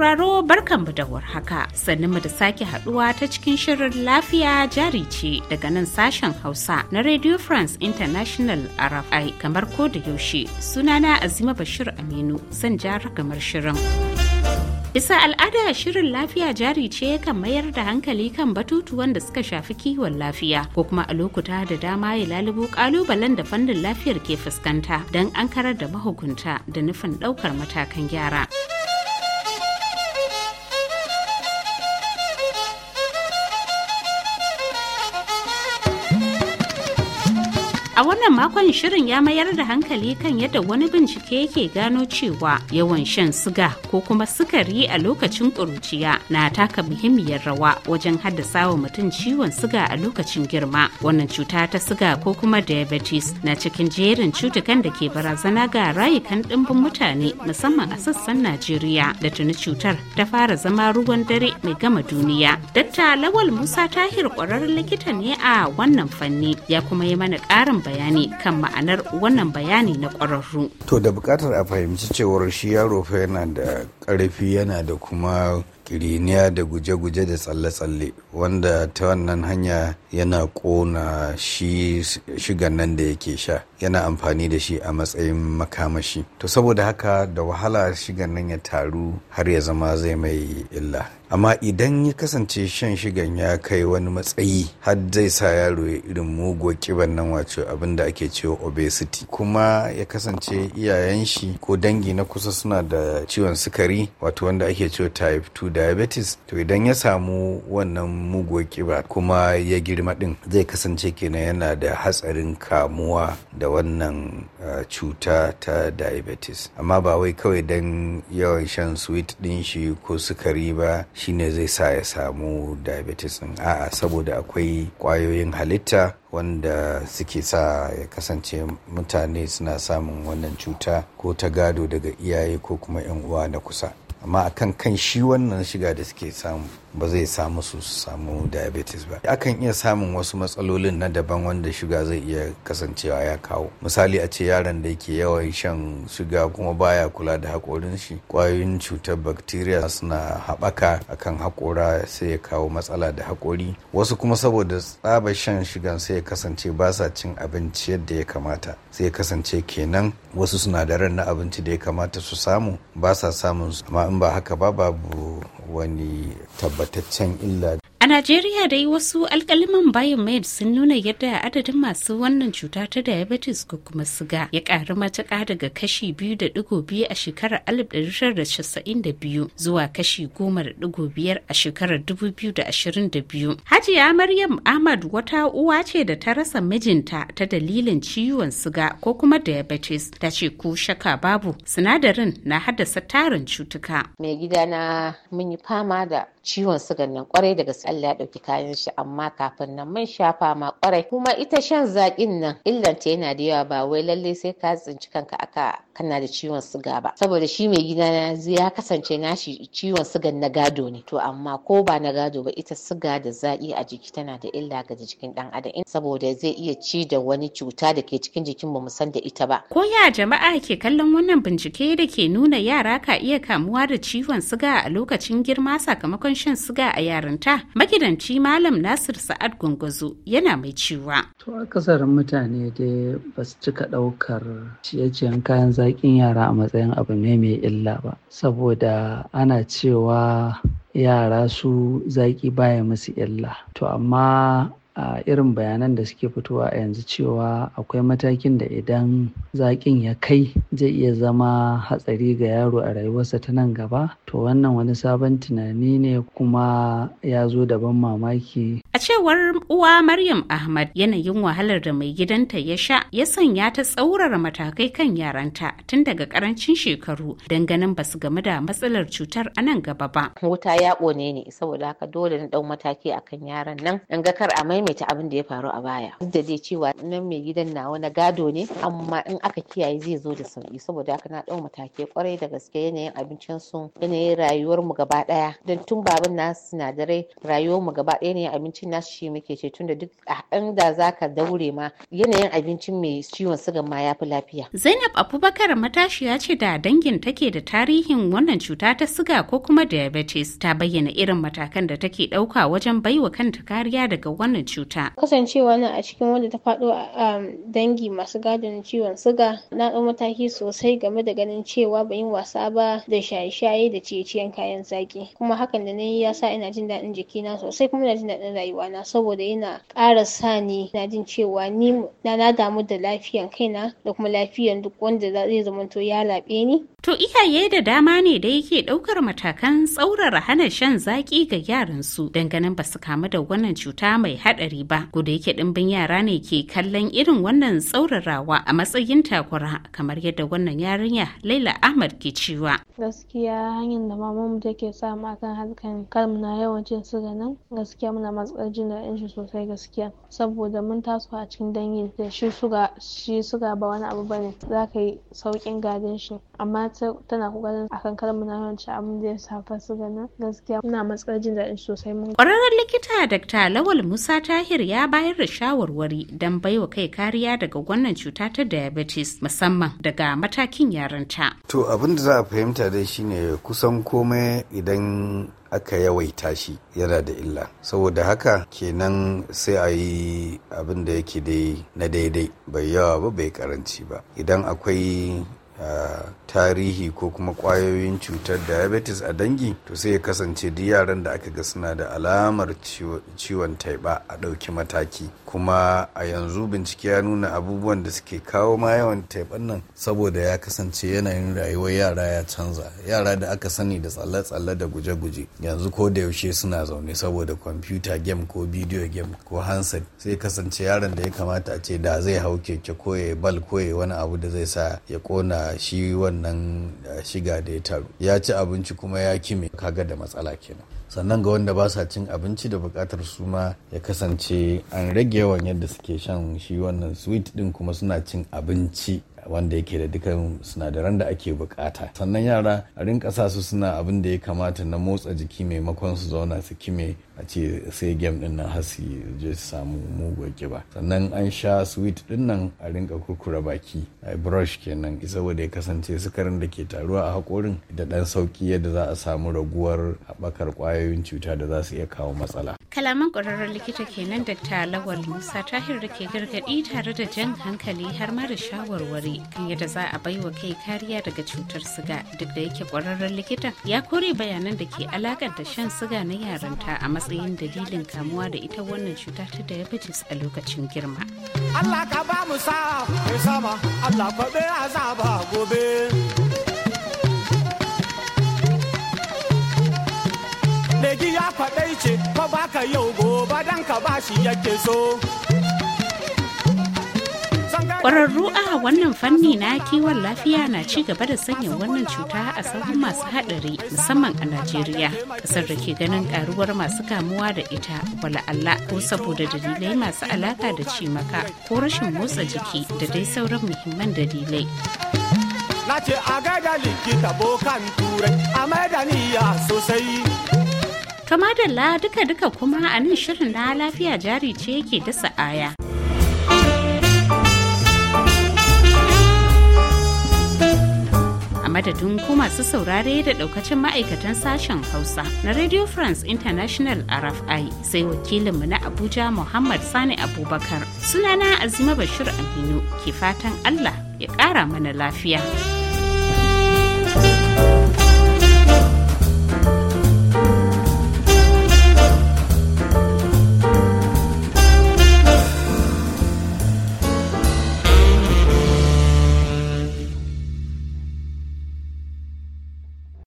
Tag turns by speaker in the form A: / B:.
A: sauraro barkanmu da warhaka mu da sake haduwa ta cikin shirin lafiya jari ce daga nan sashen Hausa na Radio France International RFI kamar ko da yaushe sunana Azima Bashir Aminu zan ja ragamar shirin. isa al'ada shirin lafiya jari ce kan mayar da hankali kan batutuwan da suka shafi kiwon lafiya ko kuma a lokuta da dama ya lalubo kalubalen da fannin lafiyar ke fuskanta don an karar da mahukunta da nufin daukar matakan gyara. A wannan makon shirin ya mayar da hankali kan yadda wani bincike yake gano cewa yawan shan siga ko kuma sukari a lokacin ƙuruciya na taka muhimmiyar rawa wajen haddasa wa mutum ciwon siga a lokacin girma. Wannan cuta ta siga ko kuma diabetes na cikin jerin cutukan da ke barazana ga rayukan ɗimbin mutane musamman a sassan Najeriya da tuni cutar ta fara zama ruwan dare mai gama duniya. Dakta Lawal Musa Tahir ƙwararren likita ne a wannan fanni ya kuma yi mana ƙarin bayani kan ma'anar wannan bayani na kwararru.
B: To da buƙatar a fahimci cewar shi yaro fa yana da ƙarfi yana da kuma kiriniya da guje-guje da tsalle-tsalle wanda ta wannan hanya yana ƙona shi shigan nan da yake sha yana amfani da shi a matsayin makamashi to saboda haka da wahala shigan nan ya taru har ya zama zai mai illa amma idan ya kasance shan shigan ya kai wani matsayi har zai sa yaro ya irin muguwar kiban nan wato abin da ake cewa obesity kuma ya kasance iyayen shi ko dangi na kusa suna da ciwon sukari wato wanda ake cewa type 2 diabetes to idan ya samu wannan muguwar kiba kuma ya girma din zai kasance kenan yana da hatsarin kamuwa da wannan cuta ta diabetes amma ba wai kawai don yawan shan sweet din shi ko sukari ba shine zai sa ya samu diabetes din a'a saboda akwai kwayoyin halitta wanda suke sa ya kasance mutane suna samun wannan cuta ko ta gado daga iyaye ko kuma 'yan uwa na kusa amma akan kan shi wannan shiga da suke samu ba zai samu su samu diabetes ba akan iya samun wasu matsalolin na daban wanda shiga zai iya kasancewa ya kawo misali a ce yaron da yake yawan shan shuga kuma baya kula da haƙorin shi ƙwayoyin cutar bacteria suna haɓaka akan haƙora sai ya kawo matsala da haƙori wasu kuma saboda tsaba shan shugan sai ya kasance ba sa cin abinci yadda ya kamata sai ya kasance kenan wasu sinadaran na abinci da ya kamata su samu ba sa samun amma in ba haka ba babu wani tabbataccen illa
A: Najeriya dai wasu alkaliman biomed sun nuna yadda adadin masu wannan cuta ta diabetes ko kuma siga ya karu matuƙa daga kashi biyu a shekarar alif zuwa kashi goma da digo biyar a shekarar dubu biyu da Hajiya Maryam Ahmad wata uwa ce da ta rasa mijinta ta dalilin ciwon siga ko kuma diabetes ta ce ko shaka babu sinadarin na haddasa
C: tarin cutuka. Mai gidana mun yi fama da ciwon sigan nan kwarai daga Allah ya ɗauki kayan shi amma kafin nan mun shafa ma kwarai kuma ita shan zaƙin nan illanta yana da yawa ba wai lallai sai ka tsinci kanka aka kana da ciwon siga ba saboda shi mai gida na ya kasance nashi ciwon sigan na gado ne to amma ko ba na gado ba ita siga da zaƙi a jiki tana da illa ga jikin ɗan adam saboda zai iya ci da wani cuta da ke cikin jikin mu san da ita ba
A: ko ya jama'a ke kallon wannan bincike da ke nuna yara ka iya kamuwa da ciwon siga a lokacin girma sakamakon shan siga a yarinta magidanci malam nasir sa'ad gunguzu yana mai cewa to a kasarin mutane dai ba su cika ɗaukar ciye-ciyen kayan zaƙin yara a matsayin abu ne mai illa ba saboda ana cewa yara su zaƙi baya musu illa to amma a irin bayanan da suke fitowa a yanzu cewa akwai matakin da idan zaƙin ya kai zai iya zama hatsari ga yaro a rayuwarsa ta nan gaba to wannan wani sabon tunani ne kuma ya zo da ban mamaki A cewar uwa Maryam Ahmad yanayin wahalar da mai gidanta ya sha ya sanya ta tsaurara matakai kan yaranta tun daga karancin shekaru don ganin basu game da matsalar cutar a nan gaba ba.
C: Wuta ya ƙone ne saboda haka dole na ɗau mataki a kan yaran nan in ga kar a maimaita abin da ya faru a baya. Duk da dai cewa nan mai gidan nawa na gado ne amma in aka kiyaye zai zo da sauƙi. saboda haka na ɗau matakai kwarai da gaske yanayin abincin su yanayin rayuwar mu gaba ɗaya don tun baban na sinadarai rayuwar mu gaba ɗaya yanayin abincin abinci na shi muke ce tunda duk da za ka daure ma yanayin abincin mai ciwon sugan ma ya fi lafiya
A: Zainab Abubakar matashiya ce da dangin take da tarihin wannan cuta ta suga ko kuma diabetes ta bayyana irin matakan da take ɗauka wajen baiwa kanta kariya daga wannan cuta
C: kasancewa na a cikin wanda ta faɗo a dangi masu gadon ciwon suga na ɗau mataki sosai game da ganin cewa ban yi wasa ba da shaye-shaye da ciye-ciyen kayan zaki kuma hakan da na yi ya sa ina jin daɗin jikina sosai kuma ina jin daɗin rayuwa rayuwa na saboda yana ƙara sa ni na jin cewa ni na damu da lafiyan kaina da kuma lafiyan duk wanda zai zamanto ya laɓe ni
A: To iyaye da dama ne da yake ɗaukar matakan tsaurara hana shan zaƙi ga yaransu ganin ba su kamu da wannan cuta mai haɗari ba. Guda yake ɗimbin yara ne ke kallon irin wannan tsaurarawa a matsayin takura kamar yadda wannan yarinya Laila Ahmad ke cewa. Gaskiya hanyar da mu take samu akan harkan kalmu na yawancin cin siga nan gaskiya muna matsar jin daɗin shi sosai gaskiya saboda mun taso a cikin dangin, da shi suga ba wani abu bane za ka yi sauƙin gadon shi amma ta tana kokarin akan kar mu yawanci abin da ya shafa su ganin gaskiya muna matsar jin daɗin sosai mun ƙwararren likita Dr. Lawal Musa Tahir ya bayar da shawarwari don baiwa kai kariya daga wannan cuta ta diabetes musamman daga matakin yaranta.
B: To abin da za a fahimta dai shine kusan komai idan aka yawaita shi yana da illa saboda haka kenan sai a yi abin da yake dai na daidai bai yawa ba bai karanci ba idan akwai tarihi ko kuma kwayoyin cutar diabetes a dangi to sai ya kasance duk yaran da aka ga suna da alamar ciwon taiba a ɗauki mataki kuma a yanzu bincike ya nuna abubuwan da suke kawo ma yawan taiban nan saboda ya kasance yanayin rayuwar yara ya canza yara da aka sani da tsalle-tsalle da guje-guje yanzu ko da yaushe suna zaune saboda kwamfuta game ko bidiyo game ko handset sai kasance yaron da ya kamata a ce da zai hau keke ko ya bal ko ya wani abu da zai sa ya kona shi wannan eh, shiga da ya taru ya ci abinci kuma ya kime kaga da matsala kenan sannan ga wanda ba sa cin abinci da bukatar su ma ya kasance an rage yawan yadda suke shan shi wannan sweet din kuma suna cin abinci wanda yake da dukkan sinadaran da ake bukata sannan yara a rinka sa su suna abin da ya kamata na motsa jiki maimakon su zauna su kime a ce sai game din nan har su je su samu mugun kiba sannan an sha sweet din nan a rinka kurkura baki a brush kenan saboda ya kasance sukarin da ke taruwa a haƙorin da dan sauki yadda za a samu raguwar haɓakar kwayoyin cuta da za su iya kawo matsala
A: kalaman ƙwararren likita kenan da lawal musa tahir da ke gargaɗi tare da jan hankali har ma da shawarwari kan yadda za a bai wa kai kariya daga cutar siga duk da yake ƙwararren likitan ya kore bayanan da ke alakar da shan siga na yaranta a matsayin dalilin kamuwa da ita wannan cuta ta diabetes a lokacin girma
B: Allah ka ba mu sa'a sama Allah gobe legi ya kwaɗai ce ko baka yau gobe dan ka ba bashi yake so
A: kwararru a wannan fanni na kiwon lafiya na ci gaba da sanya wannan cuta a sauran masu haɗari musamman a Najeriya, ƙasar da ke ganin ƙaruwar masu kamuwa da ita wala Allah ko saboda dalilai masu alaƙa da cimaka ko rashin motsa jiki da dai sauran muhimman dalilai.
B: Na ce a gaida likita bokan turai
A: a niyya sosai. kama la, duka-duka kuma a nan shirin na lafiya jari ce yake dasa aya. madadin ko masu saurare da daukacin ma'aikatan sashen hausa na radio france international rfi sai wakilinmu na abuja muhammad sani abubakar sunana azima bashir aminu ke fatan allah ya kara mana lafiya.